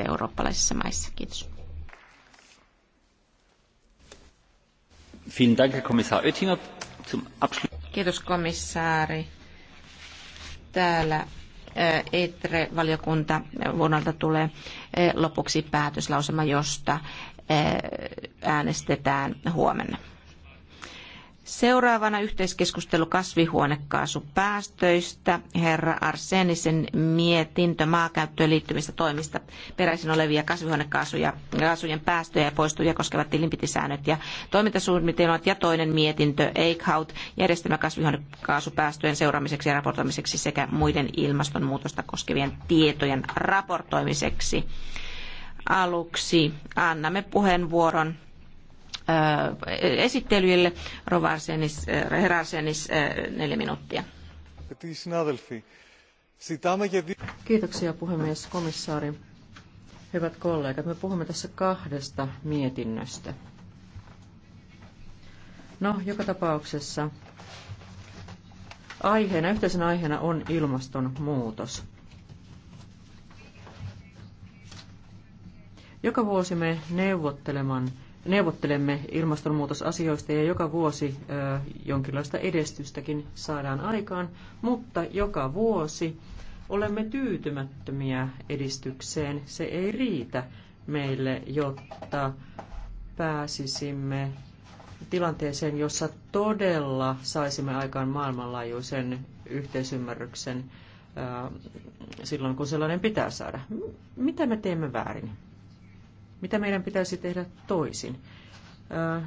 eurooppalaisissa maissa. Kiitos. Kiitos komissaari. Täällä EITRE-valiokunta eh, e vuonna tulee eh, lopuksi päätöslausema, josta eh, äänestetään huomenna. Seuraavana yhteiskeskustelu kasvihuonekaasupäästöistä. Herra Arsenisen mietintö maakäyttöön liittyvistä toimista peräisin olevia kasvihuonekaasuja, kaasujen päästöjä ja poistuja koskevat tilinpitisäännöt ja toimintasuunnitelmat ja toinen mietintö Eichhout järjestelmä kasvihuonekaasupäästöjen seuraamiseksi ja raportoimiseksi sekä muiden ilmastonmuutosta koskevien tietojen raportoimiseksi. Aluksi annamme puheenvuoron Äh, esittelyille. Rova Arsenis, äh, herra Arsenis, äh, neljä minuuttia. Kiitoksia puhemies, komissaari. Hyvät kollegat, me puhumme tässä kahdesta mietinnöstä. No, joka tapauksessa aiheena, yhteisenä aiheena on ilmastonmuutos. Joka vuosi me neuvottelemme neuvottelemme ilmastonmuutosasioista ja joka vuosi jonkinlaista edistystäkin saadaan aikaan, mutta joka vuosi olemme tyytymättömiä edistykseen. Se ei riitä meille, jotta pääsisimme tilanteeseen, jossa todella saisimme aikaan maailmanlaajuisen yhteisymmärryksen silloin, kun sellainen pitää saada. Mitä me teemme väärin? Mitä meidän pitäisi tehdä toisin?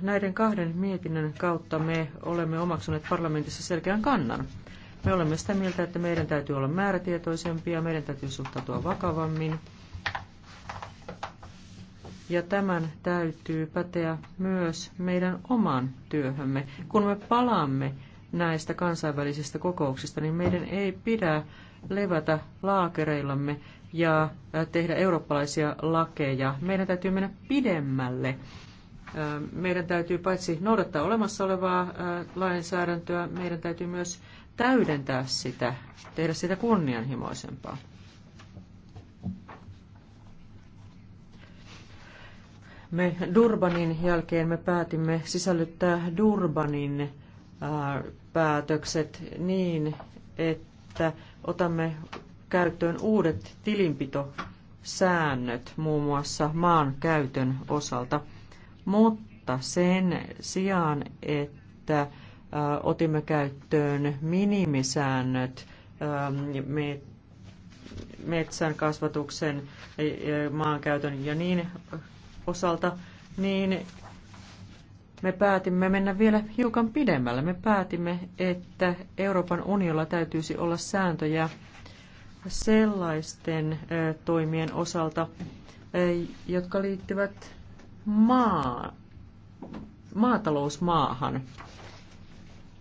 Näiden kahden mietinnön kautta me olemme omaksuneet parlamentissa selkeän kannan. Me olemme sitä mieltä, että meidän täytyy olla määrätietoisempia, meidän täytyy suhtautua vakavammin. Ja tämän täytyy päteä myös meidän oman työhömme. Kun me palaamme näistä kansainvälisistä kokouksista, niin meidän ei pidä levätä laakereillamme ja tehdä eurooppalaisia lakeja. Meidän täytyy mennä pidemmälle. Meidän täytyy paitsi noudattaa olemassa olevaa lainsäädäntöä, meidän täytyy myös täydentää sitä, tehdä sitä kunnianhimoisempaa. Me Durbanin jälkeen me päätimme sisällyttää Durbanin päätökset niin, että otamme käyttöön uudet tilinpitosäännöt muun muassa maan käytön osalta, mutta sen sijaan, että otimme käyttöön minimisäännöt metsän kasvatuksen, maankäytön ja niin osalta, niin me päätimme mennä vielä hiukan pidemmälle. Me päätimme, että Euroopan unionilla täytyisi olla sääntöjä sellaisten toimien osalta, jotka liittyvät maa, maatalousmaahan.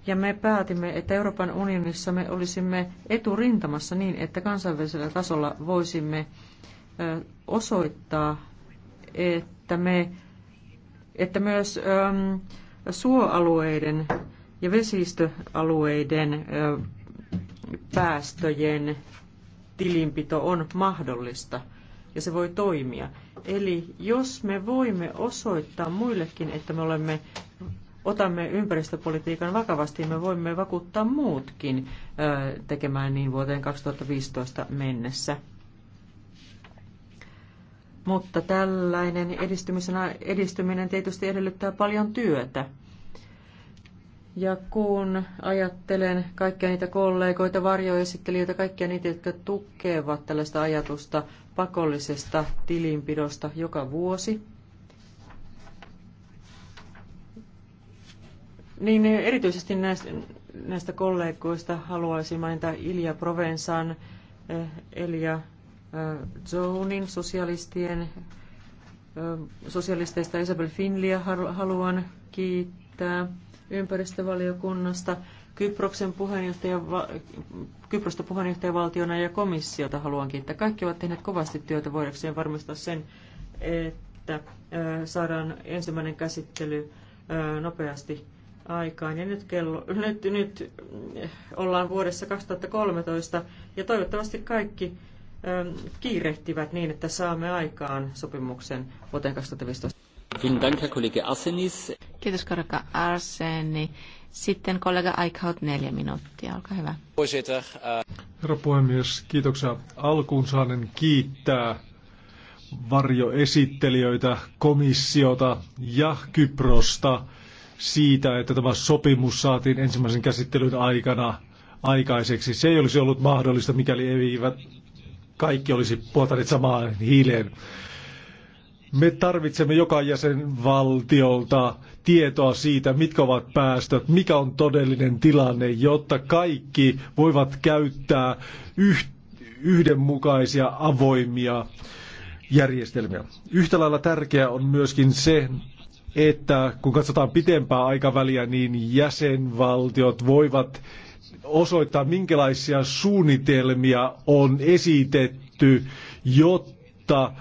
Ja me päätimme, että Euroopan unionissa me olisimme eturintamassa niin, että kansainvälisellä tasolla voisimme osoittaa, että, me, että myös äm, suoalueiden ja vesistöalueiden päästöjen tilinpito on mahdollista ja se voi toimia. Eli jos me voimme osoittaa muillekin, että me olemme, otamme ympäristöpolitiikan vakavasti, me voimme vakuuttaa muutkin ö, tekemään niin vuoteen 2015 mennessä. Mutta tällainen edistyminen tietysti edellyttää paljon työtä. Ja kun ajattelen kaikkia niitä kollegoita, varjoesittelijöitä, kaikkia niitä, jotka tukevat tällaista ajatusta pakollisesta tilinpidosta joka vuosi, niin erityisesti näistä, näistä kollegoista haluaisin mainita Ilja Provensan, eh, Elia Zounin, eh, sosialistien, eh, sosialisteista Isabel Finlia haluan kiittää kiittää ympäristövaliokunnasta. Kyproksen puheenjohtaja, Kyprosta puheenjohtajavaltiona ja komissiota haluan kiittää. Kaikki ovat tehneet kovasti työtä voidakseen varmistaa sen, että saadaan ensimmäinen käsittely nopeasti aikaan. Ja nyt, kello, nyt, nyt ollaan vuodessa 2013 ja toivottavasti kaikki kiirehtivät niin, että saamme aikaan sopimuksen vuoteen 2015. Kiitos kollega Arseni. Sitten kollega Eichhout neljä minuuttia, olkaa hyvä. Herra puhemies, kiitoksia. Alkuun saanen kiittää varjoesittelijöitä, komissiota ja Kyprosta siitä, että tämä sopimus saatiin ensimmäisen käsittelyn aikana aikaiseksi. Se ei olisi ollut mahdollista, mikäli eivät kaikki olisi puoltaneet samaan hiileen. Me tarvitsemme joka jäsenvaltiolta tietoa siitä, mitkä ovat päästöt, mikä on todellinen tilanne, jotta kaikki voivat käyttää yhdenmukaisia, avoimia järjestelmiä. Yhtä lailla tärkeää on myöskin se, että kun katsotaan pitempää aikaväliä, niin jäsenvaltiot voivat osoittaa, minkälaisia suunnitelmia on esitetty, jotta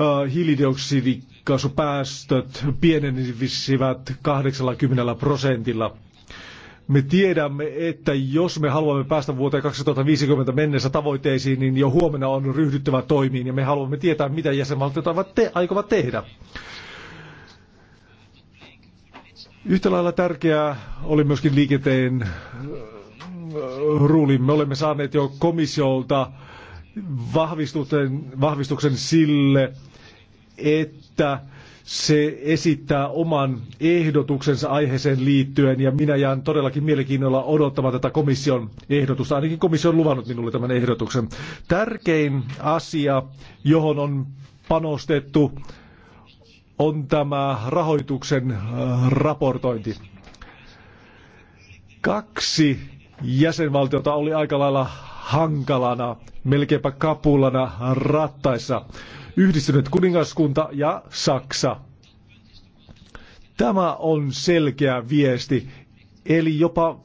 Äh, hiilidioksidikaasupäästöt pienenisivät 80 prosentilla. Me tiedämme, että jos me haluamme päästä vuoteen 2050 mennessä tavoitteisiin, niin jo huomenna on ryhdyttävä toimiin ja me haluamme tietää, mitä jäsenvaltiot te- aikovat tehdä. Yhtä lailla tärkeää oli myöskin liikenteen äh, ruuli. Me olemme saaneet jo komissiolta vahvistuksen sille, että se esittää oman ehdotuksensa aiheeseen liittyen ja minä jään todellakin mielenkiinnolla odottamaan tätä komission ehdotusta. Ainakin komissio on luvannut minulle tämän ehdotuksen. Tärkein asia, johon on panostettu, on tämä rahoituksen äh, raportointi. Kaksi jäsenvaltiota oli aika lailla hankalana, melkeinpä kapulana rattaissa. Yhdistynyt kuningaskunta ja Saksa. Tämä on selkeä viesti, eli jopa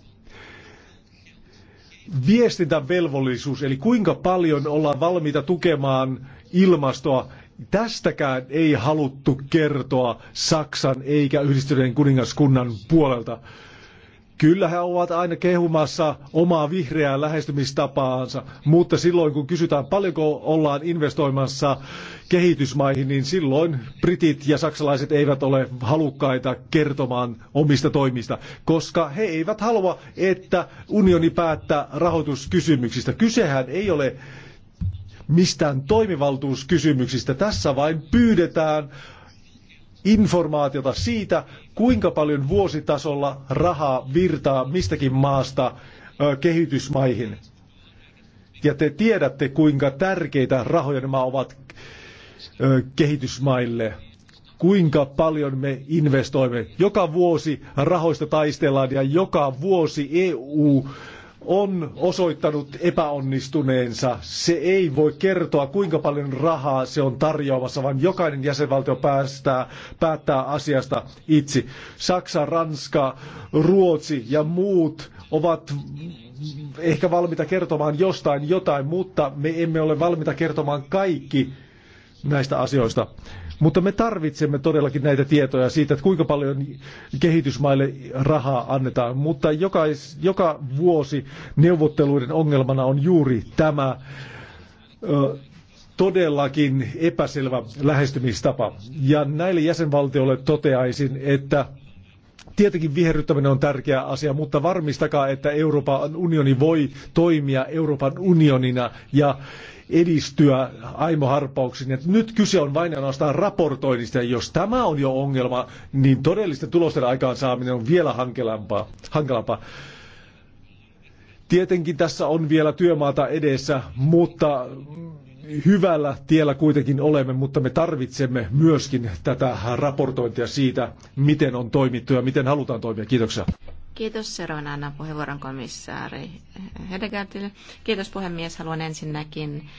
viestintävelvollisuus, eli kuinka paljon ollaan valmiita tukemaan ilmastoa. Tästäkään ei haluttu kertoa Saksan eikä yhdistyneen kuningaskunnan puolelta. Kyllä he ovat aina kehumassa omaa vihreää lähestymistapaansa, mutta silloin kun kysytään paljonko ollaan investoimassa kehitysmaihin, niin silloin britit ja saksalaiset eivät ole halukkaita kertomaan omista toimista, koska he eivät halua, että unioni päättää rahoituskysymyksistä. Kysehän ei ole mistään toimivaltuuskysymyksistä. Tässä vain pyydetään informaatiota siitä, kuinka paljon vuositasolla rahaa virtaa mistäkin maasta kehitysmaihin. Ja te tiedätte, kuinka tärkeitä rahoja nämä ovat kehitysmaille. Kuinka paljon me investoimme. Joka vuosi rahoista taistellaan ja joka vuosi EU on osoittanut epäonnistuneensa. Se ei voi kertoa, kuinka paljon rahaa se on tarjoamassa, vaan jokainen jäsenvaltio päästää, päättää asiasta itse. Saksa, Ranska, Ruotsi ja muut ovat ehkä valmiita kertomaan jostain jotain, mutta me emme ole valmiita kertomaan kaikki näistä asioista. Mutta me tarvitsemme todellakin näitä tietoja siitä, että kuinka paljon kehitysmaille rahaa annetaan. Mutta jokais, joka vuosi neuvotteluiden ongelmana on juuri tämä ö, todellakin epäselvä lähestymistapa. Ja näille jäsenvaltioille toteaisin, että Tietenkin viherryttäminen on tärkeä asia, mutta varmistakaa, että Euroopan unioni voi toimia Euroopan unionina ja edistyä aimoharpauksin. että nyt kyse on vain ainoastaan raportoinnista, ja jos tämä on jo ongelma, niin todellisten tulosten aikaansaaminen on vielä hankalampaa. hankalampaa. Tietenkin tässä on vielä työmaata edessä, mutta hyvällä tiellä kuitenkin olemme, mutta me tarvitsemme myöskin tätä raportointia siitä, miten on toimittu ja miten halutaan toimia. Kiitoksia. Kiitos Seroin Anna puheenvuoron komissaari Hedegaardille. Kiitos puhemies. Haluan ensinnäkin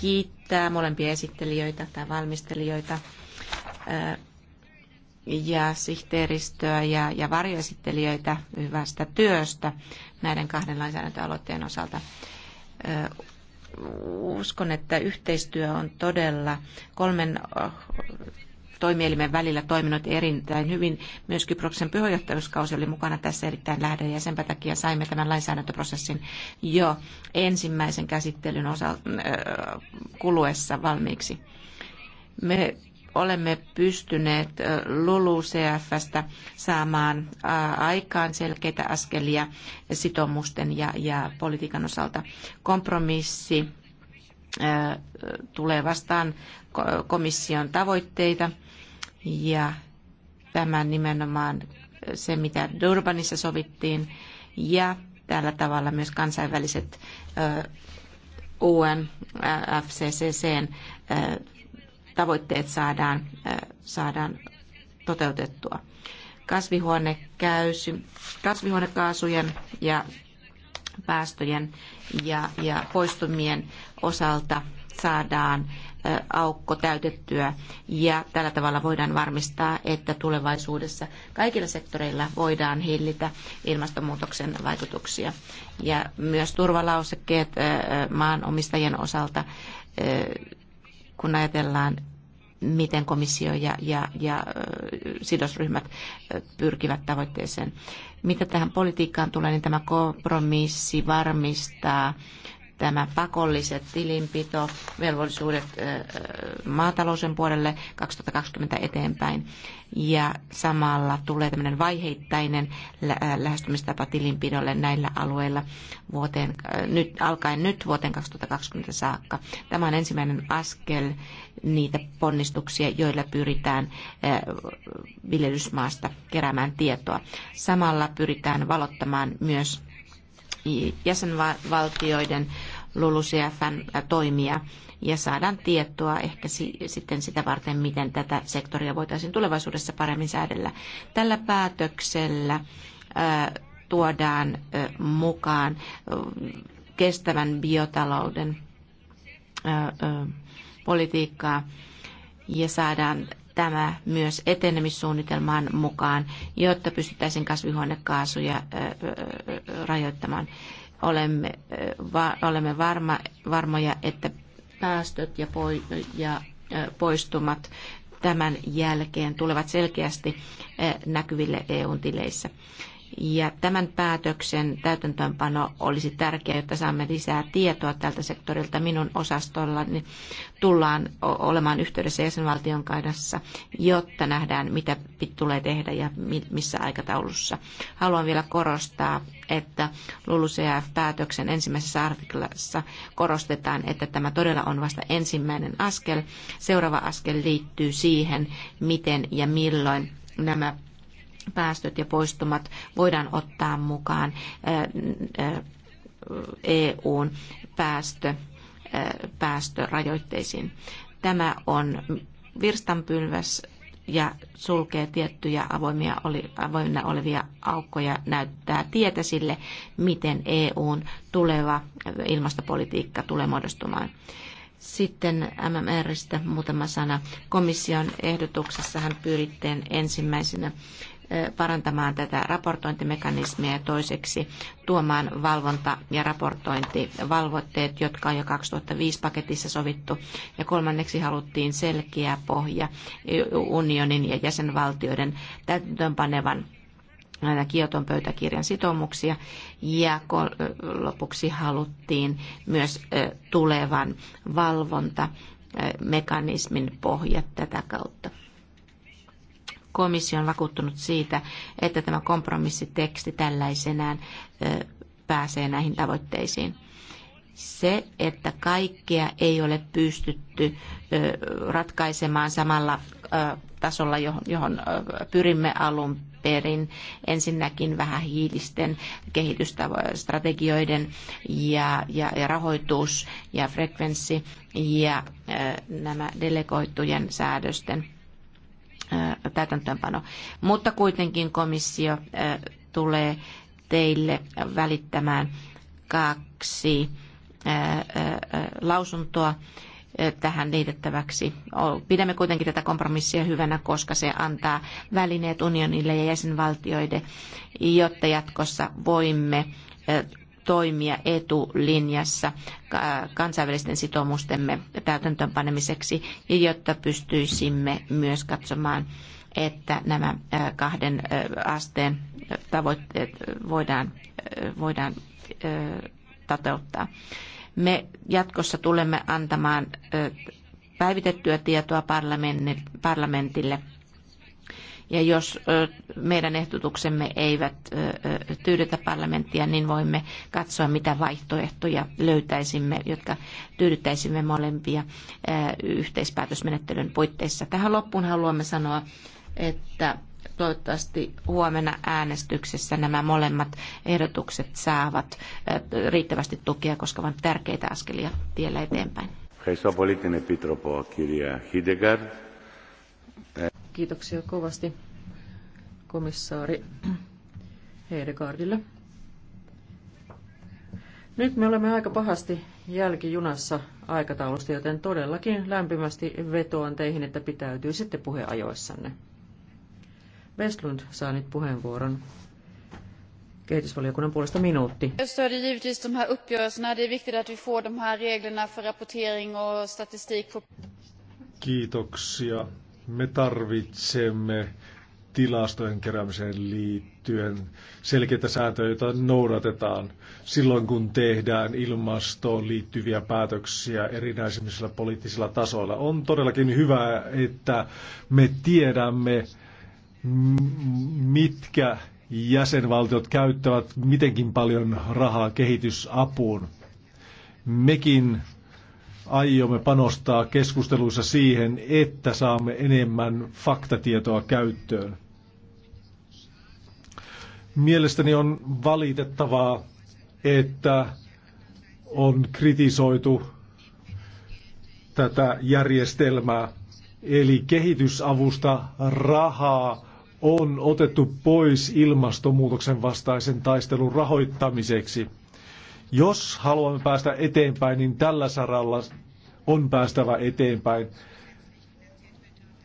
kiittää molempia esittelijöitä tai valmistelijoita ja sihteeristöä ja, ja varjoesittelijöitä hyvästä työstä näiden kahden lainsäädäntöaloitteen osalta. Uskon, että yhteistyö on todella kolmen toimielimen välillä toiminut erittäin hyvin. Myös Kyproksen pyhojohtajuuskausi oli mukana tässä erittäin lähden ja senpä takia saimme tämän lainsäädäntöprosessin jo ensimmäisen käsittelyn osa, äh, kuluessa valmiiksi. Me olemme pystyneet äh, LULU-CFstä saamaan äh, aikaan selkeitä askelia sitoumusten ja, ja politiikan osalta. Kompromissi tulee vastaan komission tavoitteita ja tämä nimenomaan se, mitä Durbanissa sovittiin. Ja tällä tavalla myös kansainväliset UNFCCCn tavoitteet saadaan, saadaan toteutettua. Kasvihuonekäysy, kasvihuonekaasujen ja päästöjen ja, ja poistumien osalta saadaan aukko täytettyä ja tällä tavalla voidaan varmistaa, että tulevaisuudessa kaikilla sektoreilla voidaan hillitä ilmastonmuutoksen vaikutuksia. Ja myös turvalausekkeet maanomistajien osalta, kun ajatellaan miten komissio ja, ja, ja sidosryhmät pyrkivät tavoitteeseen. Mitä tähän politiikkaan tulee, niin tämä kompromissi varmistaa tämä pakolliset tilinpitovelvollisuudet maatalousen puolelle 2020 eteenpäin. Ja samalla tulee tämmöinen vaiheittainen lähestymistapa tilinpidolle näillä alueilla vuoteen, nyt, alkaen nyt vuoteen 2020 saakka. Tämä on ensimmäinen askel niitä ponnistuksia, joilla pyritään viljelysmaasta keräämään tietoa. Samalla pyritään valottamaan myös jäsenvaltioiden LULUCFn äh, toimia ja saadaan tietoa ehkä sitten sitä varten, miten tätä sektoria voitaisiin tulevaisuudessa paremmin säädellä. Tällä päätöksellä äh, tuodaan äh, mukaan kestävän biotalouden politiikkaa ja saadaan tämä myös etenemissuunnitelmaan mukaan, jotta pystyttäisiin kasvihuonekaasuja rajoittamaan. Olemme, va, olemme varma, varmoja, että päästöt ja, poi, ja poistumat tämän jälkeen tulevat selkeästi näkyville eu tileissä. Ja tämän päätöksen täytäntöönpano olisi tärkeää, jotta saamme lisää tietoa tältä sektorilta. Minun osastollani tullaan olemaan yhteydessä jäsenvaltion kanssa, jotta nähdään, mitä tulee tehdä ja missä aikataulussa. Haluan vielä korostaa, että LULUCF-päätöksen ensimmäisessä artiklassa korostetaan, että tämä todella on vasta ensimmäinen askel. Seuraava askel liittyy siihen, miten ja milloin nämä päästöt ja poistumat voidaan ottaa mukaan EUn päästö, päästörajoitteisiin. Tämä on virstanpylväs ja sulkee tiettyjä avoimia oli, olevia aukkoja, näyttää tietä sille, miten EUn tuleva ilmastopolitiikka tulee muodostumaan. Sitten MMRistä muutama sana. Komission ehdotuksessahan pyrittiin ensimmäisenä parantamaan tätä raportointimekanismia ja toiseksi tuomaan valvonta- ja raportointivalvoitteet, jotka on jo 2005 paketissa sovittu. Ja kolmanneksi haluttiin selkeä pohja unionin ja jäsenvaltioiden täytäntöönpanevan näitä Kioton pöytäkirjan sitoumuksia ja lopuksi haluttiin myös tulevan valvontamekanismin pohjat tätä kautta komissio on vakuuttunut siitä, että tämä kompromissiteksti tällaisenaan pääsee näihin tavoitteisiin. Se, että kaikkea ei ole pystytty ratkaisemaan samalla tasolla, johon pyrimme alun perin. Ensinnäkin vähän hiilisten kehitysstrategioiden ja, ja, ja rahoitus ja frekvenssi ja nämä delegoitujen säädösten täytäntöönpano. Mutta kuitenkin komissio tulee teille välittämään kaksi lausuntoa tähän liitettäväksi. Pidämme kuitenkin tätä kompromissia hyvänä, koska se antaa välineet unionille ja jäsenvaltioille, jotta jatkossa voimme toimia etulinjassa kansainvälisten sitoumustemme täytäntöönpanemiseksi, jotta pystyisimme myös katsomaan, että nämä kahden asteen tavoitteet voidaan, voidaan toteuttaa. Me jatkossa tulemme antamaan päivitettyä tietoa parlamentille ja jos meidän ehdotuksemme eivät tyydytä parlamenttia, niin voimme katsoa, mitä vaihtoehtoja löytäisimme, jotka tyydyttäisimme molempia yhteispäätösmenettelyn puitteissa. Tähän loppuun haluamme sanoa, että toivottavasti huomenna äänestyksessä nämä molemmat ehdotukset saavat riittävästi tukea, koska ovat tärkeitä askelia tiellä eteenpäin. Ευχαριστώ πολύ pitropo kirja Hidegard. Kiitoksia kovasti komissaari Heidegaardille. Nyt me olemme aika pahasti jälkijunassa aikataulusta, joten todellakin lämpimästi vetoan teihin, että pitäytyy sitten puheajoissanne. Westlund saa nyt puheenvuoron. Kehitysvaliokunnan puolesta minuutti. Jag stöder givetvis de här uppgörelserna. Det är viktigt att vi får de här reglerna för rapportering och statistik. Kiitoksia. Me tarvitsemme tilastojen keräämiseen liittyen selkeitä sääntöjä, joita noudatetaan silloin, kun tehdään ilmastoon liittyviä päätöksiä erinäisimmillä poliittisilla tasoilla. On todellakin hyvä, että me tiedämme, mitkä jäsenvaltiot käyttävät mitenkin paljon rahaa kehitysapuun. Mekin aiomme panostaa keskusteluissa siihen, että saamme enemmän faktatietoa käyttöön. Mielestäni on valitettavaa, että on kritisoitu tätä järjestelmää. Eli kehitysavusta rahaa on otettu pois ilmastonmuutoksen vastaisen taistelun rahoittamiseksi – jos haluamme päästä eteenpäin, niin tällä saralla on päästävä eteenpäin.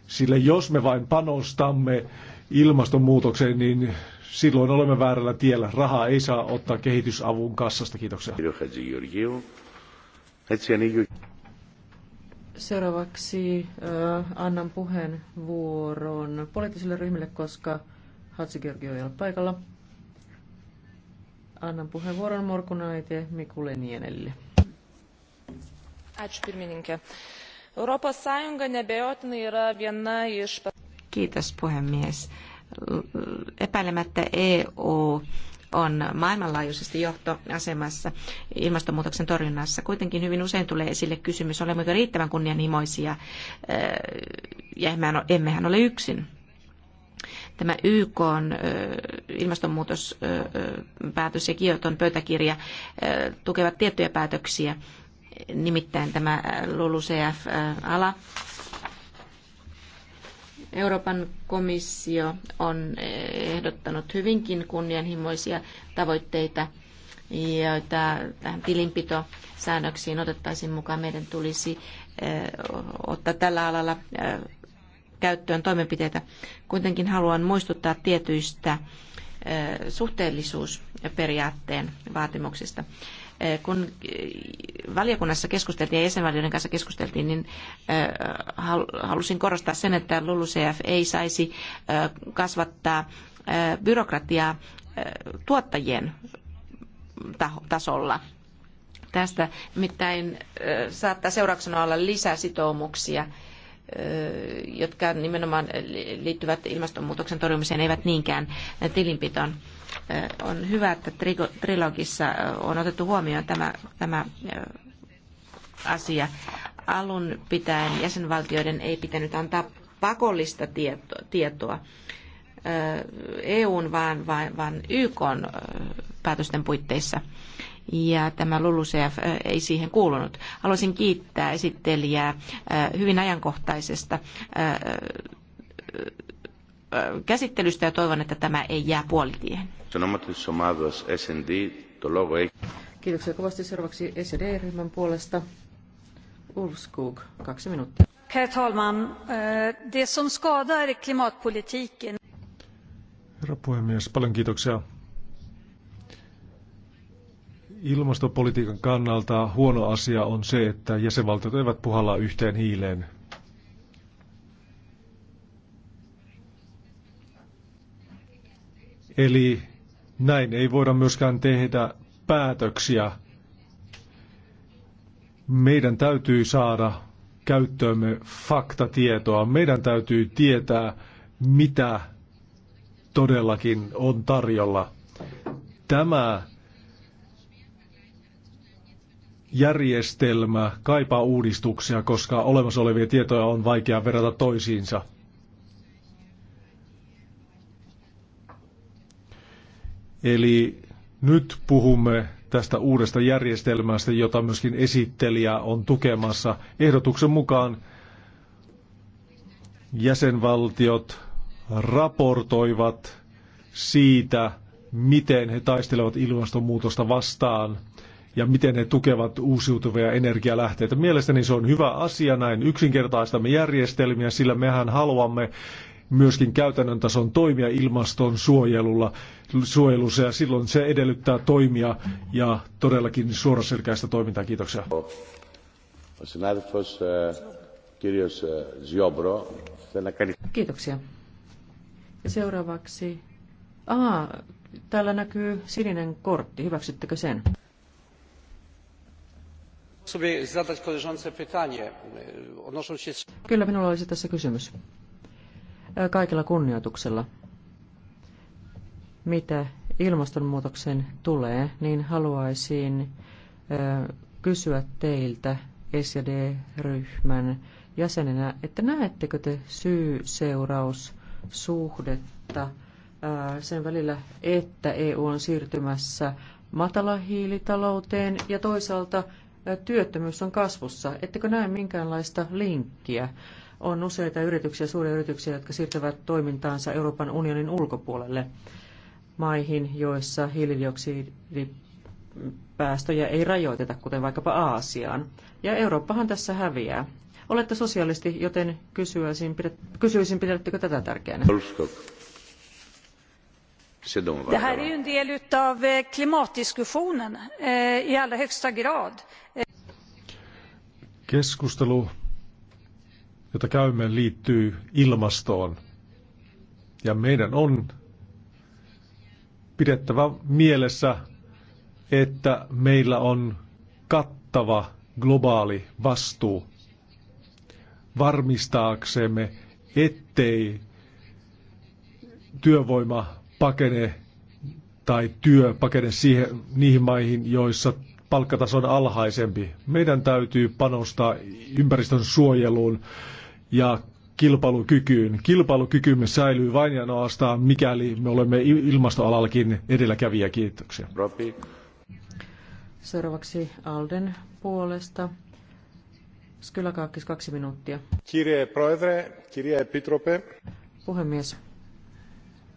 Sillä jos me vain panostamme ilmastonmuutokseen, niin silloin olemme väärällä tiellä. Rahaa ei saa ottaa kehitysavun kassasta. Kiitoksia. Seuraavaksi uh, annan puheenvuoron poliittisille ryhmille, koska Hatsi Georgio ei ole paikalla annan puheenvuoron Mikule Nienelle. Ačiū pirmininkė. Europos Sąjunga nebejotinai yra viena iš... Kiitos puhemies. Epäilemättä EU on maailmanlaajuisesti johtoasemassa ilmastonmuutoksen torjunnassa. Kuitenkin hyvin usein tulee esille kysymys, olemmeko riittävän kunnianhimoisia ja emmehän ole yksin tämä YK on ilmastonmuutospäätös ja Kioton pöytäkirja tukevat tiettyjä päätöksiä, nimittäin tämä LULUCF-ala. Euroopan komissio on ehdottanut hyvinkin kunnianhimoisia tavoitteita, joita tähän tilinpitosäännöksiin otettaisiin mukaan. Meidän tulisi ottaa tällä alalla käyttöön toimenpiteitä. Kuitenkin haluan muistuttaa tietyistä suhteellisuusperiaatteen vaatimuksista. Kun valiokunnassa keskusteltiin ja jäsenvaltioiden kanssa keskusteltiin, niin halusin korostaa sen, että LULUCF ei saisi kasvattaa byrokratiaa tuottajien tasolla. Tästä nimittäin saattaa seurauksena olla lisäsitoumuksia sitoumuksia jotka nimenomaan liittyvät ilmastonmuutoksen torjumiseen, eivät niinkään tilinpitoon. On hyvä, että trilogissa on otettu huomioon tämä, tämä asia. Alun pitäen jäsenvaltioiden ei pitänyt antaa pakollista tietoa EUn, vaan, vaan, vaan YK päätösten puitteissa ja tämä LULUCF ei siihen kuulunut. Haluaisin kiittää esittelijää hyvin ajankohtaisesta käsittelystä ja toivon, että tämä ei jää puolitiehen. Kiitoksia kovasti seuraavaksi SED-ryhmän puolesta. Ulfskog, kaksi minuuttia. Herr talman, det som skadar klimatpolitiken. Herra puhemies, paljon kiitoksia. Ilmastopolitiikan kannalta huono asia on se, että jäsenvaltiot eivät puhalla yhteen hiileen. Eli näin ei voida myöskään tehdä päätöksiä. Meidän täytyy saada käyttöömme faktatietoa. Meidän täytyy tietää, mitä todellakin on tarjolla. Tämä järjestelmä kaipaa uudistuksia, koska olemassa olevia tietoja on vaikea verrata toisiinsa. Eli nyt puhumme tästä uudesta järjestelmästä, jota myöskin esittelijä on tukemassa. Ehdotuksen mukaan jäsenvaltiot raportoivat siitä, miten he taistelevat ilmastonmuutosta vastaan – ja miten ne tukevat uusiutuvia energialähteitä. Mielestäni se on hyvä asia, näin yksinkertaistamme järjestelmiä, sillä mehän haluamme myöskin käytännön tason toimia ilmaston suojelulla, suojelussa ja silloin se edellyttää toimia ja todellakin suoraselkäistä toimintaa. Kiitoksia. Eh, eh, niin- Kiitoksia. Ja seuraavaksi. Aa, täällä näkyy sininen kortti. Hyväksyttekö sen? Kyllä minulla olisi tässä kysymys. Kaikella kunnioituksella. Mitä ilmastonmuutoksen tulee, niin haluaisin kysyä teiltä SD-ryhmän jäsenenä, että näettekö te syy-seuraussuhdetta sen välillä, että EU on siirtymässä matalahiilitalouteen ja toisaalta työttömyys on kasvussa. Ettekö näe minkäänlaista linkkiä? On useita yrityksiä, suuria yrityksiä, jotka siirtävät toimintaansa Euroopan unionin ulkopuolelle maihin, joissa hiilidioksidipäästöjä ei rajoiteta, kuten vaikkapa Aasiaan. Ja Eurooppahan tässä häviää. Olette sosiaalisti, joten kysyisin, pidättekö tätä tärkeänä? Det här är ju en del av eh, klimatdiskussionen eh, i allra högsta grad. Keskustelu, jota käymme, liittyy ilmastoon. Ja meidän on pidettävä mielessä, että meillä on kattava globaali vastuu varmistaaksemme, ettei työvoima pakene tai työ pakene siihen, niihin maihin, joissa palkkataso on alhaisempi. Meidän täytyy panostaa ympäristön suojeluun ja kilpailukykyyn. Kilpailukykymme säilyy vain ja noastaan, mikäli me olemme ilmastoalallakin edelläkävijä. Kiitoksia. Robi. Seuraavaksi Alden puolesta. Skyläkaakkis kaksi minuuttia. Kirje Proedre, kirje Pitrope. Puhemies,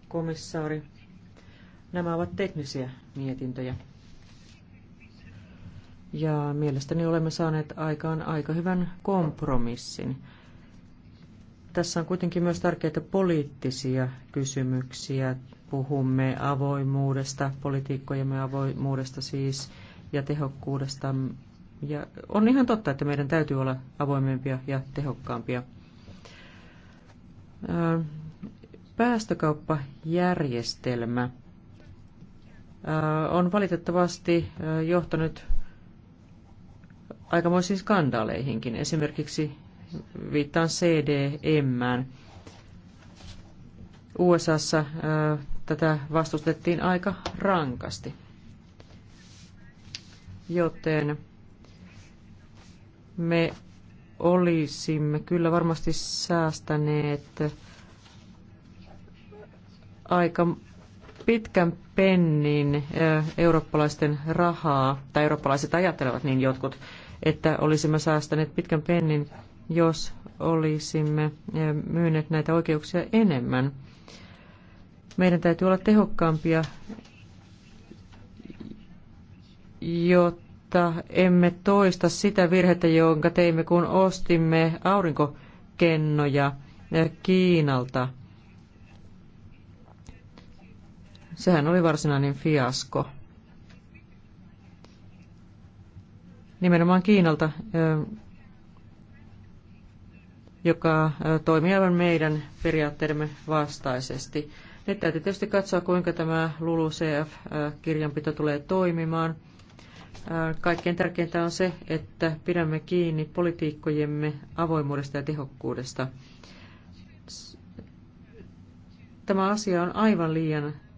komissaari. Nämä ovat teknisiä mietintöjä. Ja mielestäni olemme saaneet aikaan aika hyvän kompromissin. Tässä on kuitenkin myös tärkeitä poliittisia kysymyksiä. Puhumme avoimuudesta, politiikkojemme avoimuudesta siis ja tehokkuudesta. Ja on ihan totta, että meidän täytyy olla avoimempia ja tehokkaampia. Päästökauppajärjestelmä äh, on valitettavasti äh, johtanut aikamoisiin skandaaleihinkin. Esimerkiksi viittaan CDM. USAssa äh, tätä vastustettiin aika rankasti. Joten me olisimme kyllä varmasti säästäneet aika pitkän pennin eurooppalaisten rahaa, tai eurooppalaiset ajattelevat niin jotkut, että olisimme säästäneet pitkän pennin, jos olisimme myyneet näitä oikeuksia enemmän. Meidän täytyy olla tehokkaampia, jotta emme toista sitä virhettä, jonka teimme, kun ostimme aurinkokennoja Kiinalta – Sehän oli varsinainen fiasko. Nimenomaan Kiinalta, joka toimii aivan meidän periaatteidemme vastaisesti. Nyt täytyy tietysti katsoa, kuinka tämä LULUCF-kirjanpito tulee toimimaan. Kaikkein tärkeintä on se, että pidämme kiinni politiikkojemme avoimuudesta ja tehokkuudesta. Tämä asia on aivan liian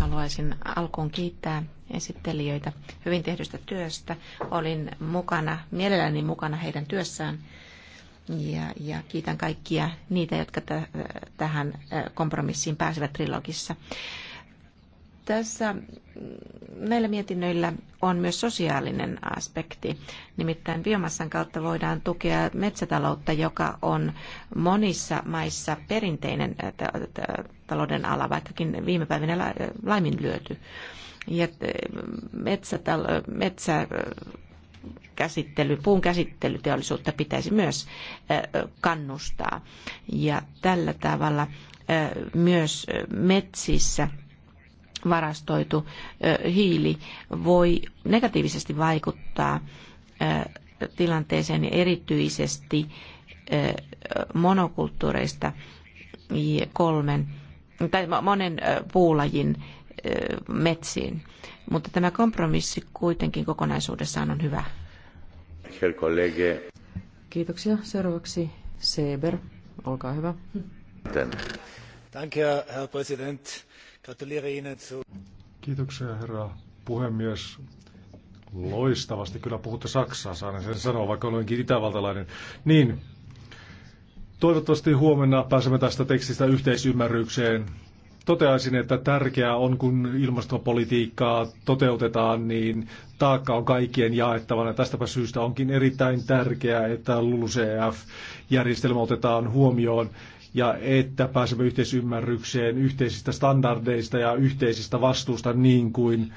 Haluaisin alkuun kiittää esittelijöitä hyvin tehdystä työstä. Olin mukana, mielelläni mukana heidän työssään. Ja, ja kiitän kaikkia niitä, jotka tähän kompromissiin pääsevät trilogissa. Tässä mm, näillä mietinnöillä on myös sosiaalinen aspekti. Nimittäin biomassan kautta voidaan tukea metsätaloutta, joka on monissa maissa perinteinen talouden ala, vaikkakin viime päivinä laiminlyöty. Ja metsätalo- metsä käsittely, puun käsittelyteollisuutta pitäisi myös kannustaa. Ja tällä tavalla myös metsissä – varastoitu hiili voi negatiivisesti vaikuttaa tilanteeseen erityisesti monokulttuureista kolmen tai monen puulajin metsiin. Mutta tämä kompromissi kuitenkin kokonaisuudessaan on hyvä. Kiitoksia. Seuraavaksi Seber. Olkaa hyvä. Danke, Herr Präsident. Kiitoksia herra puhemies. Loistavasti kyllä puhutte Saksaa, saan sen sanoa, vaikka olenkin itävaltalainen. Niin, toivottavasti huomenna pääsemme tästä tekstistä yhteisymmärrykseen. Toteaisin, että tärkeää on, kun ilmastopolitiikkaa toteutetaan, niin taakka on kaikkien jaettavana. Tästäpä syystä onkin erittäin tärkeää, että LULUCF-järjestelmä otetaan huomioon ja että pääsemme yhteisymmärrykseen yhteisistä standardeista ja yhteisistä vastuusta niin kuin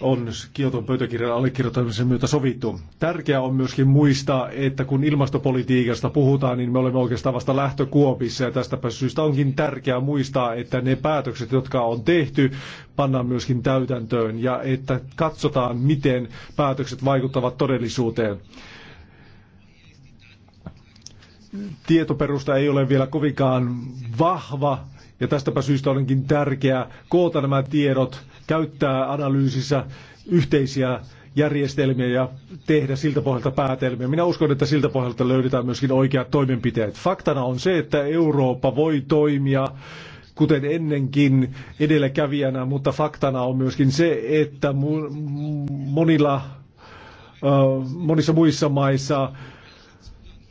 on Kioton pöytäkirjan allekirjoittamisen myötä sovittu. Tärkeää on myöskin muistaa, että kun ilmastopolitiikasta puhutaan, niin me olemme oikeastaan vasta lähtökuopissa ja tästä syystä onkin tärkeää muistaa, että ne päätökset, jotka on tehty, pannaan myöskin täytäntöön ja että katsotaan, miten päätökset vaikuttavat todellisuuteen tietoperusta ei ole vielä kovinkaan vahva, ja tästäpä syystä onkin tärkeää koota nämä tiedot, käyttää analyysissä yhteisiä järjestelmiä ja tehdä siltä pohjalta päätelmiä. Minä uskon, että siltä pohjalta löydetään myöskin oikeat toimenpiteet. Faktana on se, että Eurooppa voi toimia kuten ennenkin edelläkävijänä, mutta faktana on myöskin se, että monilla, monissa muissa maissa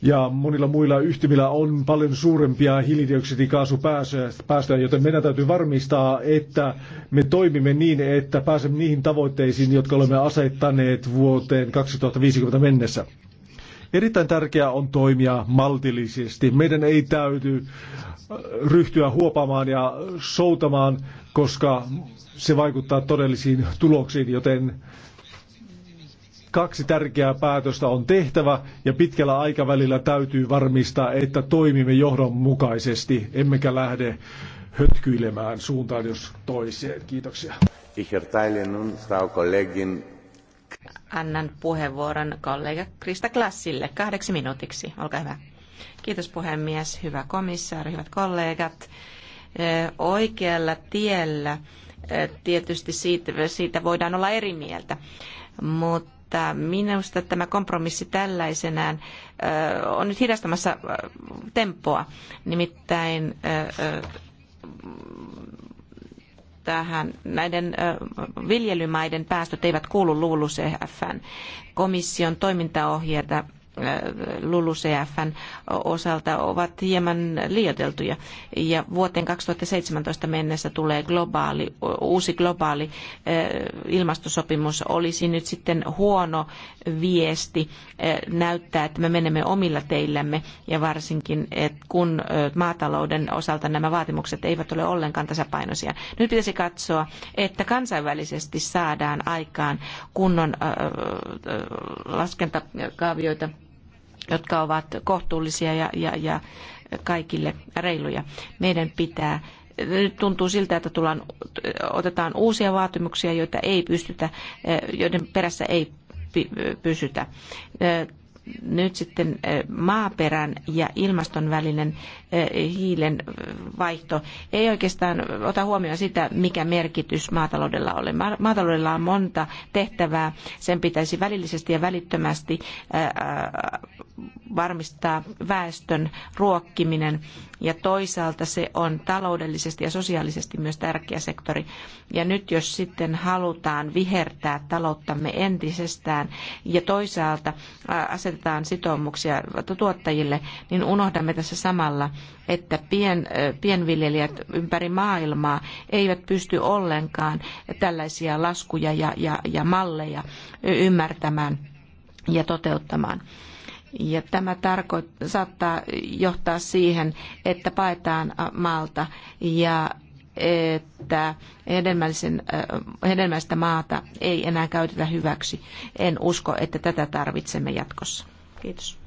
ja monilla muilla yhtymillä on paljon suurempia hiilidioksidikaasupäästöjä, joten meidän täytyy varmistaa, että me toimimme niin, että pääsemme niihin tavoitteisiin, jotka olemme asettaneet vuoteen 2050 mennessä. Erittäin tärkeää on toimia maltillisesti. Meidän ei täytyy äh, ryhtyä huopamaan ja soutamaan, koska se vaikuttaa todellisiin tuloksiin, joten Kaksi tärkeää päätöstä on tehtävä ja pitkällä aikavälillä täytyy varmistaa, että toimimme johdonmukaisesti, emmekä lähde hötkyilemään suuntaan jos toiseen. Kiitoksia. Annan puheenvuoron kollega Krista Klassille kahdeksi minuutiksi. Olkaa hyvä. Kiitos puhemies, hyvä komissaari, hyvät kollegat. Oikealla tiellä tietysti siitä, siitä voidaan olla eri mieltä, mutta mutta minusta tämä kompromissi tällaisenaan on nyt hidastamassa tempoa. Nimittäin tähän näiden viljelymaiden päästöt eivät kuulu LULUCFn komission toimintaohjeita LULUCFn osalta ovat hieman liioteltuja. Ja vuoteen 2017 mennessä tulee globaali, uusi globaali ilmastosopimus olisi nyt sitten huono viesti näyttää, että me menemme omilla teillämme ja varsinkin, että kun maatalouden osalta nämä vaatimukset eivät ole ollenkaan tasapainoisia. Nyt pitäisi katsoa, että kansainvälisesti saadaan aikaan kunnon laskentakaavioita jotka ovat kohtuullisia ja, ja, ja kaikille reiluja. Meidän pitää nyt tuntuu siltä, että tullaan, otetaan uusia vaatimuksia, joita ei pystytä, joiden perässä ei pysytä nyt sitten maaperän ja ilmaston välinen hiilen vaihto ei oikeastaan ota huomioon sitä, mikä merkitys maataloudella on. Maataloudella on monta tehtävää. Sen pitäisi välillisesti ja välittömästi äh, äh, varmistaa väestön ruokkiminen ja toisaalta se on taloudellisesti ja sosiaalisesti myös tärkeä sektori. Ja nyt jos sitten halutaan vihertää talouttamme entisestään ja toisaalta äh, asetetaan sitoumuksia tuottajille, niin unohdamme tässä samalla että pien, pienviljelijät ympäri maailmaa eivät pysty ollenkaan tällaisia laskuja ja, ja, ja malleja ymmärtämään ja toteuttamaan. Ja tämä tarko- saattaa johtaa siihen, että paetaan maalta ja että hedelmällistä maata ei enää käytetä hyväksi. En usko, että tätä tarvitsemme jatkossa. Kiitos.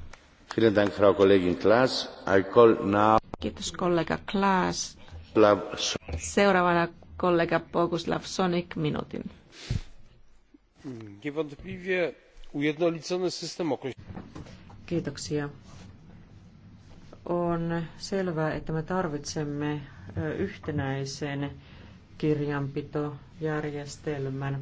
Kiitos kollega Klaas. Seuraavana kollega Boguslav Sonik minuutin. Niewątpliwie ujednolicony system Kiitoksia. On selvää, että me tarvitsemme e, yhtenäisen kirjanpitojärjestelmän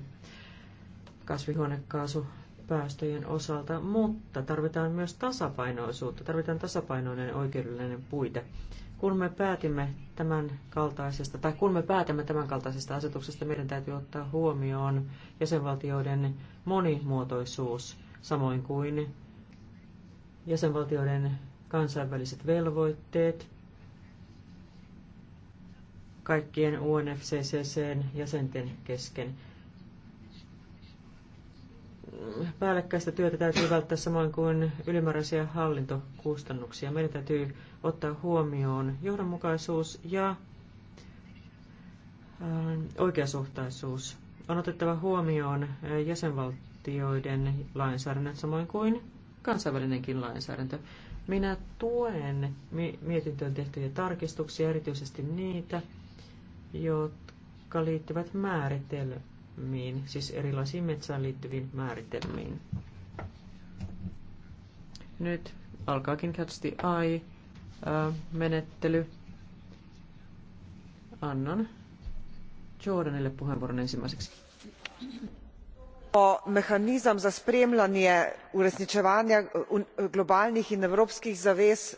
kasvihuonekaasu päästöjen osalta, mutta tarvitaan myös tasapainoisuutta, tarvitaan tasapainoinen oikeudellinen puite. Kun me päätimme tämän kaltaisesta, tai kun me päätämme tämän kaltaisesta asetuksesta, meidän täytyy ottaa huomioon jäsenvaltioiden monimuotoisuus, samoin kuin jäsenvaltioiden kansainväliset velvoitteet, kaikkien UNFCCCn jäsenten kesken päällekkäistä työtä täytyy välttää samoin kuin ylimääräisiä hallintokustannuksia. Meidän täytyy ottaa huomioon johdonmukaisuus ja äh, oikeasuhtaisuus. On otettava huomioon äh, jäsenvaltioiden lainsäädännöt samoin kuin kansainvälinenkin lainsäädäntö. Minä tuen mietintöön tehtyjä tarkistuksia, erityisesti niitä, jotka liittyvät määritelmään määritelmiin, siis erilaisiin metsään liittyviin määritelmiin. Nyt alkaakin Catch the Eye-menettely. Annan Jordanille puheenvuoron ensimmäiseksi. mehanizam za spremljanje uresničevanja globalnih in evropskih zavez eh,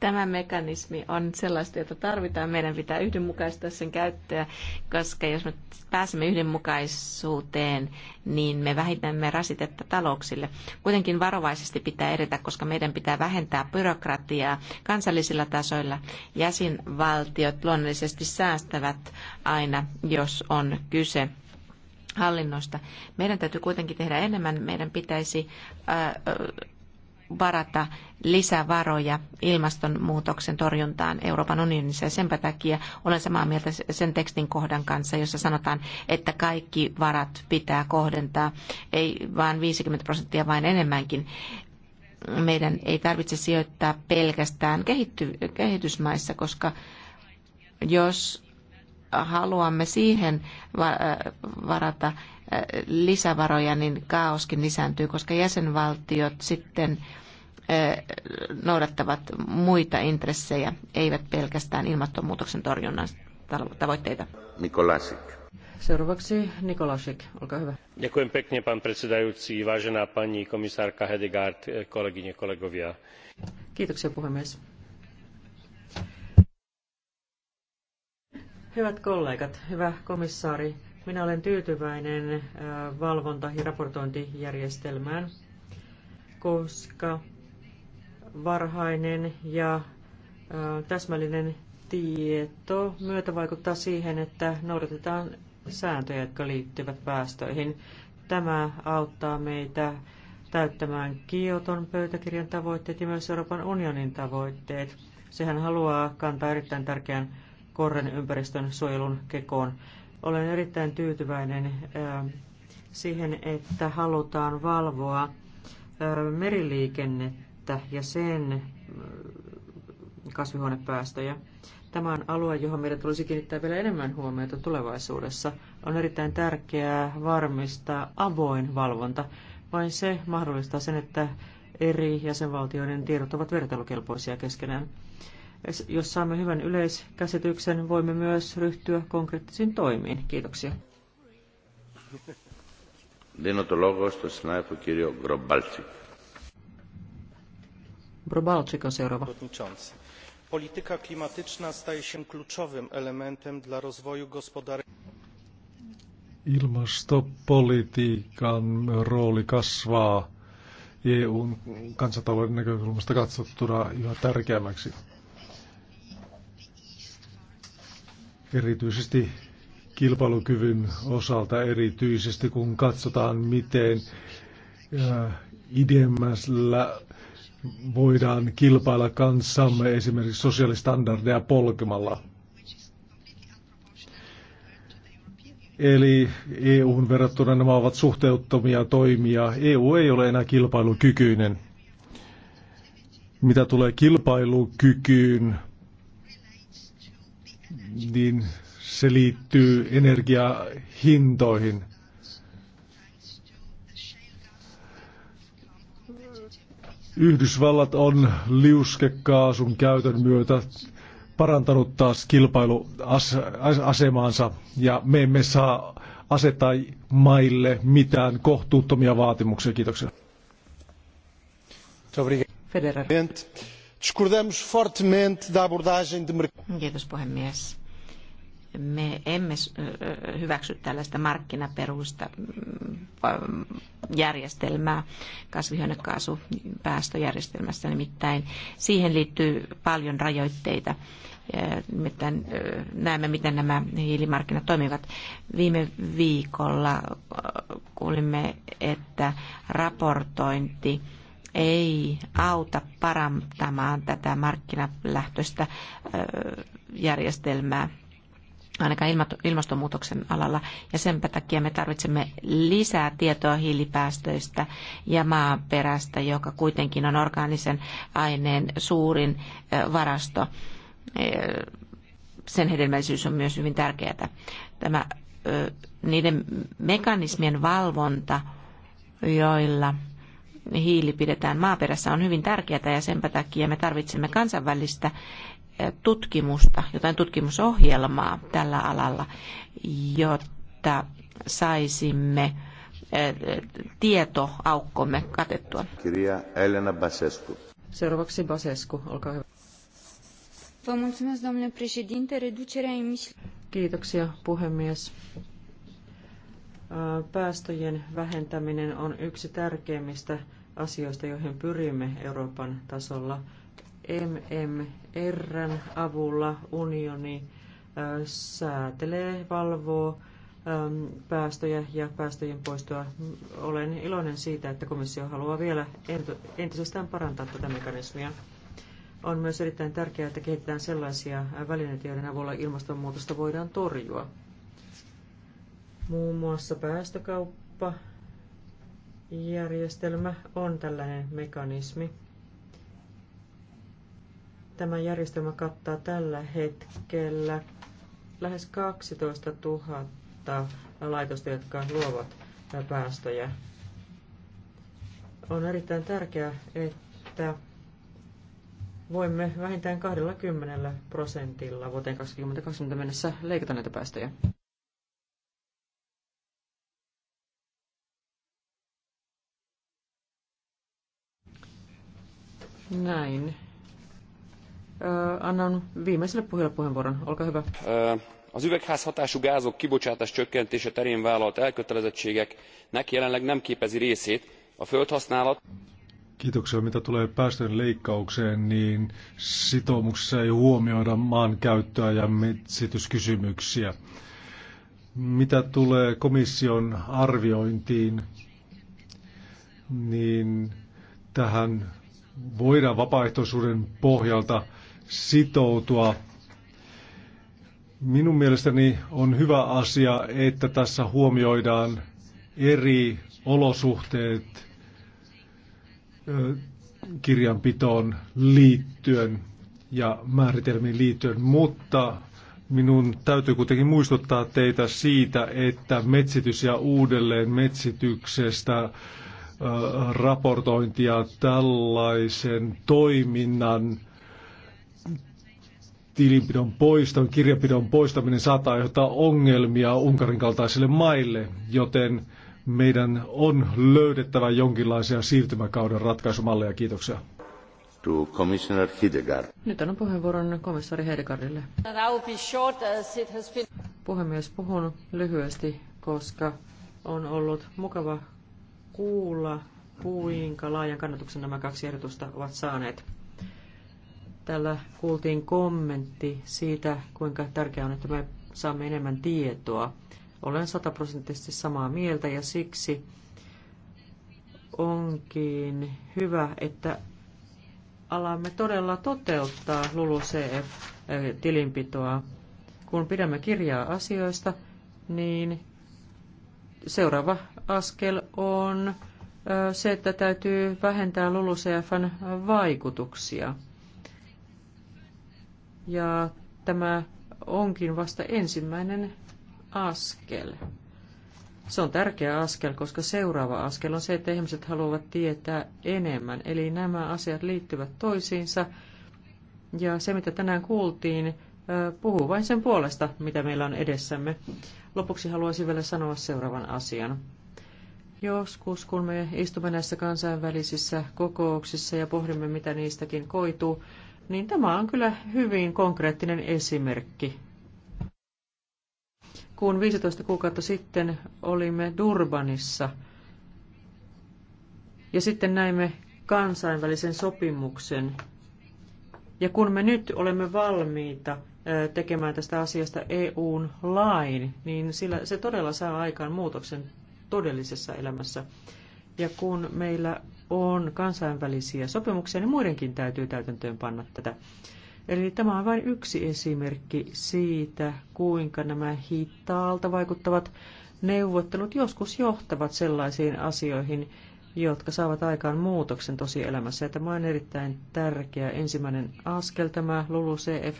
Tämä mekanismi on sellaista, jota tarvitaan. Meidän pitää yhdenmukaistaa sen käyttöä, koska jos me pääsemme yhdenmukaisuuteen, niin me vähitämme rasitetta talouksille. Kuitenkin varovaisesti pitää edetä, koska meidän pitää vähentää byrokratiaa kansallisilla tasoilla. Jäsenvaltiot luonnollisesti säästävät aina, jos on kyse hallinnosta. Meidän täytyy kuitenkin tehdä enemmän. Meidän pitäisi äh, varata lisävaroja ilmastonmuutoksen torjuntaan Euroopan unionissa. Ja senpä takia olen samaa mieltä sen tekstin kohdan kanssa, jossa sanotaan, että kaikki varat pitää kohdentaa, ei vaan 50 prosenttia, vain enemmänkin. Meidän ei tarvitse sijoittaa pelkästään kehitysmaissa, koska jos haluamme siihen äh, varata lisävaroja, niin kaoskin lisääntyy, koska jäsenvaltiot sitten noudattavat muita intressejä, eivät pelkästään ilmastonmuutoksen torjunnan tavoitteita. Mikolasik. Seuraavaksi Nikolasik, olkaa hyvä. Ďakujem pekne, pán predsedajúci, vážená pani komisárka Hedegaard, kolegyne, kolegovia. Kiitoksia puhemies. Hyvät kollegat, hyvä komissaari, minä olen tyytyväinen äh, valvonta- ja raportointijärjestelmään, koska varhainen ja äh, täsmällinen tieto myötä vaikuttaa siihen, että noudatetaan sääntöjä, jotka liittyvät päästöihin. Tämä auttaa meitä täyttämään Kioton pöytäkirjan tavoitteet ja myös Euroopan unionin tavoitteet. Sehän haluaa kantaa erittäin tärkeän korren ympäristön suojelun kekoon. Olen erittäin tyytyväinen siihen, että halutaan valvoa meriliikennettä ja sen kasvihuonepäästöjä. Tämä on alue, johon meidän tulisi kiinnittää vielä enemmän huomiota tulevaisuudessa. On erittäin tärkeää varmistaa avoin valvonta. Vain se mahdollistaa sen, että eri jäsenvaltioiden tiedot ovat vertailukelpoisia keskenään. Jos saamme hyvän yleiskäsityksen, voimme myös ryhtyä konkreettisiin toimiin. Kiitoksia. Grobalczyk on seuraava. στον Polityka klimatyczna staje się kluczowym elementem dla rozwoju gospodarki. Ilmastopolitiikan rooli kasvaa EUn kansantalouden näkökulmasta katsottuna yhä tärkeämmäksi. erityisesti kilpailukyvyn osalta, erityisesti kun katsotaan, miten idemmällä voidaan kilpailla kanssamme esimerkiksi sosiaalistandardeja polkemalla. Eli EU:n verrattuna nämä ovat suhteuttomia toimia. EU ei ole enää kilpailukykyinen. Mitä tulee kilpailukykyyn, niin se liittyy energiahintoihin. Yhdysvallat on liuskekaasun käytön myötä parantanut taas kilpailuasemaansa ja me emme saa asettaa maille mitään kohtuuttomia vaatimuksia. Kiitoksia. Federer. Kiitos puhemies me emme hyväksy tällaista markkinaperuista mm, järjestelmää kasvihuonekaasupäästöjärjestelmässä. Nimittäin siihen liittyy paljon rajoitteita. Nimittäin näemme, miten nämä hiilimarkkinat toimivat. Viime viikolla kuulimme, että raportointi ei auta parantamaan tätä markkinalähtöistä järjestelmää ainakaan ilmastonmuutoksen alalla. Ja sen takia me tarvitsemme lisää tietoa hiilipäästöistä ja maaperästä, joka kuitenkin on orgaanisen aineen suurin varasto. E, sen hedelmällisyys on myös hyvin tärkeää. Tämä, niiden mekanismien valvonta, joilla hiili pidetään maaperässä, on hyvin tärkeää ja sen takia me tarvitsemme kansainvälistä tutkimusta, jotain tutkimusohjelmaa tällä alalla, jotta saisimme eh, tietoaukkomme katettua. Kirja Elena Basescu. Seuraavaksi Basescu, olkaa hyvä. Vă mulțumesc, domnule președinte. Reducerea emisiilor... Kiitoksia, puhemies. Päästöjen vähentäminen on yksi tärkeimmistä asioista, joihin pyrimme Euroopan tasolla – MMRn avulla unioni säätelee, valvoo päästöjä ja päästöjen poistoa. Olen iloinen siitä, että komissio haluaa vielä entisestään parantaa tätä mekanismia. On myös erittäin tärkeää, että kehitetään sellaisia välineitä, joiden avulla ilmastonmuutosta voidaan torjua. Muun muassa päästökauppajärjestelmä on tällainen mekanismi. Tämä järjestelmä kattaa tällä hetkellä lähes 12 000 laitosta, jotka luovat päästöjä. On erittäin tärkeää, että voimme vähintään 20 prosentilla vuoteen 2020 mennessä leikata näitä päästöjä. Näin annan viimeiselle puhujalle puheenvuoron. Olkaa hyvä. Az üvegházhatású gázok kibocsátás csökkentése terén vállalt elkötelezettségeknek jelenleg nem képezi részét a földhasználat. Kiitoksia. Mitä tulee päästöjen leikkaukseen, niin sitoumuksessa ei huomioida maankäyttöä ja metsityskysymyksiä. Mitä tulee komission arviointiin, niin tähän voidaan vapaaehtoisuuden pohjalta sitoutua. Minun mielestäni on hyvä asia, että tässä huomioidaan eri olosuhteet kirjanpitoon liittyen ja määritelmiin liittyen, mutta minun täytyy kuitenkin muistuttaa teitä siitä, että metsitys ja uudelleen metsityksestä raportointia tällaisen toiminnan tilinpidon poiston, kirjapidon poistaminen saattaa aiheuttaa ongelmia Unkarin kaltaisille maille, joten meidän on löydettävä jonkinlaisia siirtymäkauden ratkaisumalleja. Kiitoksia. To Commissioner Hidegard. Nyt annan puheenvuoron komissaari Hedegardille. Puhemies, puhun lyhyesti, koska on ollut mukava kuulla, kuinka laajan kannatuksen nämä kaksi ehdotusta ovat saaneet. Täällä kuultiin kommentti siitä, kuinka tärkeää on, että me saamme enemmän tietoa. Olen sataprosenttisesti samaa mieltä ja siksi onkin hyvä, että alamme todella toteuttaa LULUCF-tilinpitoa. Kun pidämme kirjaa asioista, niin seuraava askel on se, että täytyy vähentää LULUCFn vaikutuksia – ja tämä onkin vasta ensimmäinen askel. Se on tärkeä askel, koska seuraava askel on se, että ihmiset haluavat tietää enemmän. Eli nämä asiat liittyvät toisiinsa. Ja se, mitä tänään kuultiin, puhuu vain sen puolesta, mitä meillä on edessämme. Lopuksi haluaisin vielä sanoa seuraavan asian. Joskus, kun me istumme näissä kansainvälisissä kokouksissa ja pohdimme, mitä niistäkin koituu, niin tämä on kyllä hyvin konkreettinen esimerkki. Kun 15 kuukautta sitten olimme Durbanissa ja sitten näimme kansainvälisen sopimuksen, ja kun me nyt olemme valmiita tekemään tästä asiasta EUn lain, niin sillä se todella saa aikaan muutoksen todellisessa elämässä. Ja kun meillä on kansainvälisiä sopimuksia, niin muidenkin täytyy täytäntöön panna tätä. Eli tämä on vain yksi esimerkki siitä, kuinka nämä hitaalta vaikuttavat neuvottelut joskus johtavat sellaisiin asioihin, jotka saavat aikaan muutoksen tosielämässä. Ja tämä on erittäin tärkeä ensimmäinen askel, tämä LULUCF.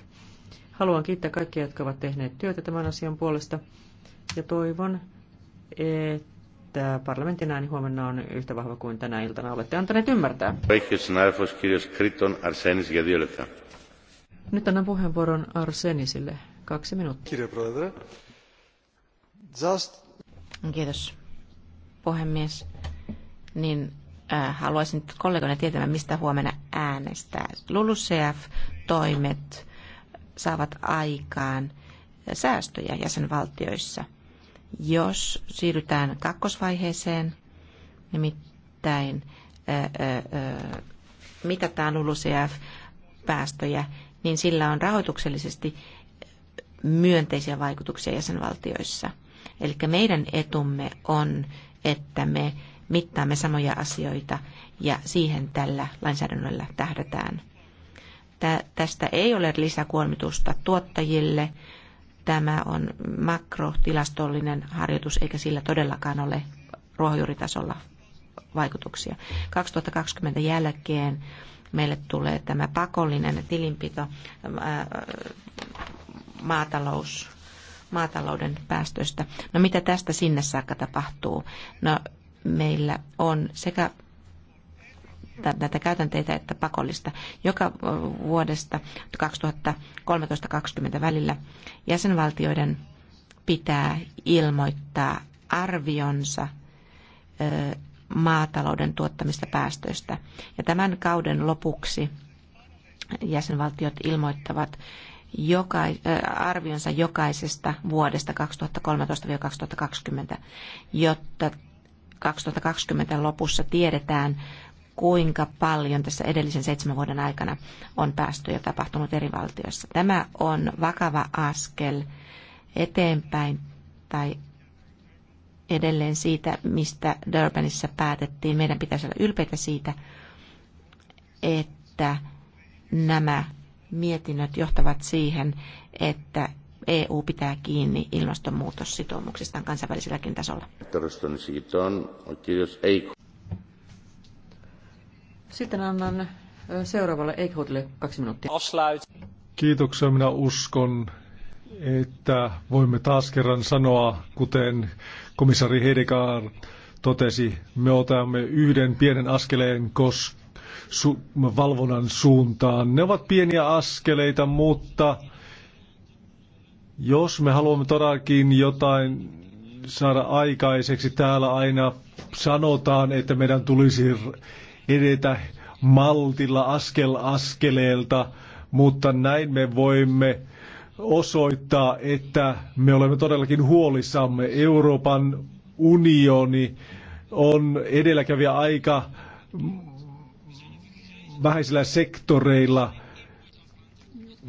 Haluan kiittää kaikkia, jotka ovat tehneet työtä tämän asian puolesta ja toivon, että että parlamentin ääni huomenna on yhtä vahva kuin tänä iltana olette antaneet ymmärtää. Nyt annan puheenvuoron Arsenisille. Kaksi minuuttia. Kiitos, puhemies. Niin, äh, haluaisin kollegoina tietämään mistä huomenna äänestää. LULUCF-toimet saavat aikaan säästöjä jäsenvaltioissa – jos siirrytään kakkosvaiheeseen, nimittäin mitataan LULUCF-päästöjä, niin sillä on rahoituksellisesti myönteisiä vaikutuksia jäsenvaltioissa. Eli meidän etumme on, että me mittaamme samoja asioita ja siihen tällä lainsäädännöllä tähdätään. Tästä ei ole lisäkuormitusta tuottajille, Tämä on makrotilastollinen harjoitus, eikä sillä todellakaan ole ruohonjuuritasolla vaikutuksia. 2020 jälkeen meille tulee tämä pakollinen tilinpito maatalous, maatalouden päästöistä. No mitä tästä sinne saakka tapahtuu? No meillä on sekä näitä käytänteitä että pakollista joka vuodesta 2013-2020 välillä jäsenvaltioiden pitää ilmoittaa arvionsa maatalouden tuottamista päästöistä. Ja tämän kauden lopuksi jäsenvaltiot ilmoittavat joka, arvionsa jokaisesta vuodesta 2013-2020, jotta 2020 lopussa tiedetään, kuinka paljon tässä edellisen seitsemän vuoden aikana on päästy ja tapahtunut eri valtioissa. Tämä on vakava askel eteenpäin tai edelleen siitä, mistä Durbanissa päätettiin. Meidän pitäisi olla ylpeitä siitä, että nämä mietinnöt johtavat siihen, että EU pitää kiinni ilmastonmuutossitoumuksistaan kansainväliselläkin tasolla. Sitten annan seuraavalle Eichhoutille kaksi minuuttia. Kiitoksia. Minä uskon, että voimme taas kerran sanoa, kuten komissari Hedegaard totesi, me otamme yhden pienen askeleen kos su- valvonnan suuntaan. Ne ovat pieniä askeleita, mutta jos me haluamme todellakin jotain saada aikaiseksi, täällä aina sanotaan, että meidän tulisi edetä maltilla askel askeleelta, mutta näin me voimme osoittaa, että me olemme todellakin huolissamme. Euroopan unioni on edelläkävijä aika vähäisillä sektoreilla.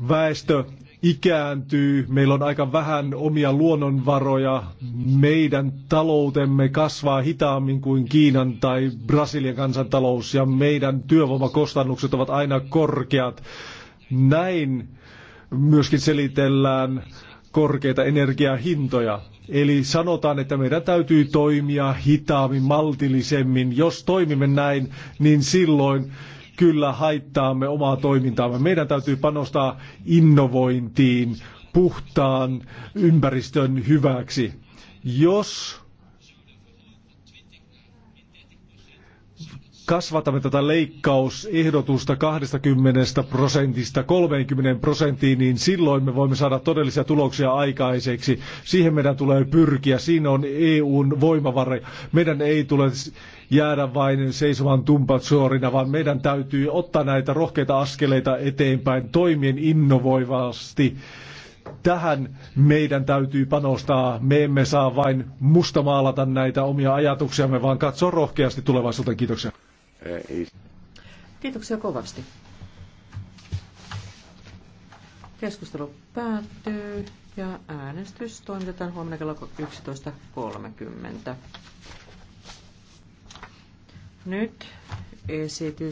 Väestö ikääntyy, meillä on aika vähän omia luonnonvaroja, meidän taloutemme kasvaa hitaammin kuin Kiinan tai Brasilian kansantalous ja meidän työvoimakostannukset ovat aina korkeat. Näin myöskin selitellään korkeita energiahintoja. Eli sanotaan, että meidän täytyy toimia hitaammin, maltillisemmin. Jos toimimme näin, niin silloin kyllä haittaamme omaa toimintaamme. Meidän täytyy panostaa innovointiin, puhtaan ympäristön hyväksi. Jos kasvatamme tätä leikkausehdotusta 20 prosentista 30 prosenttiin, niin silloin me voimme saada todellisia tuloksia aikaiseksi. Siihen meidän tulee pyrkiä. Siinä on EUn voimavara. Meidän ei tule jäädä vain seisomaan tumpat suorina, vaan meidän täytyy ottaa näitä rohkeita askeleita eteenpäin toimien innovoivasti tähän meidän täytyy panostaa. Me emme saa vain mustamaalata näitä omia ajatuksiamme, vaan katsoa rohkeasti tulevaisuuteen. Kiitoksia. Kiitoksia kovasti. Keskustelu päättyy ja äänestys toimitetaan huomenna kello 11.30. Nyt esitys.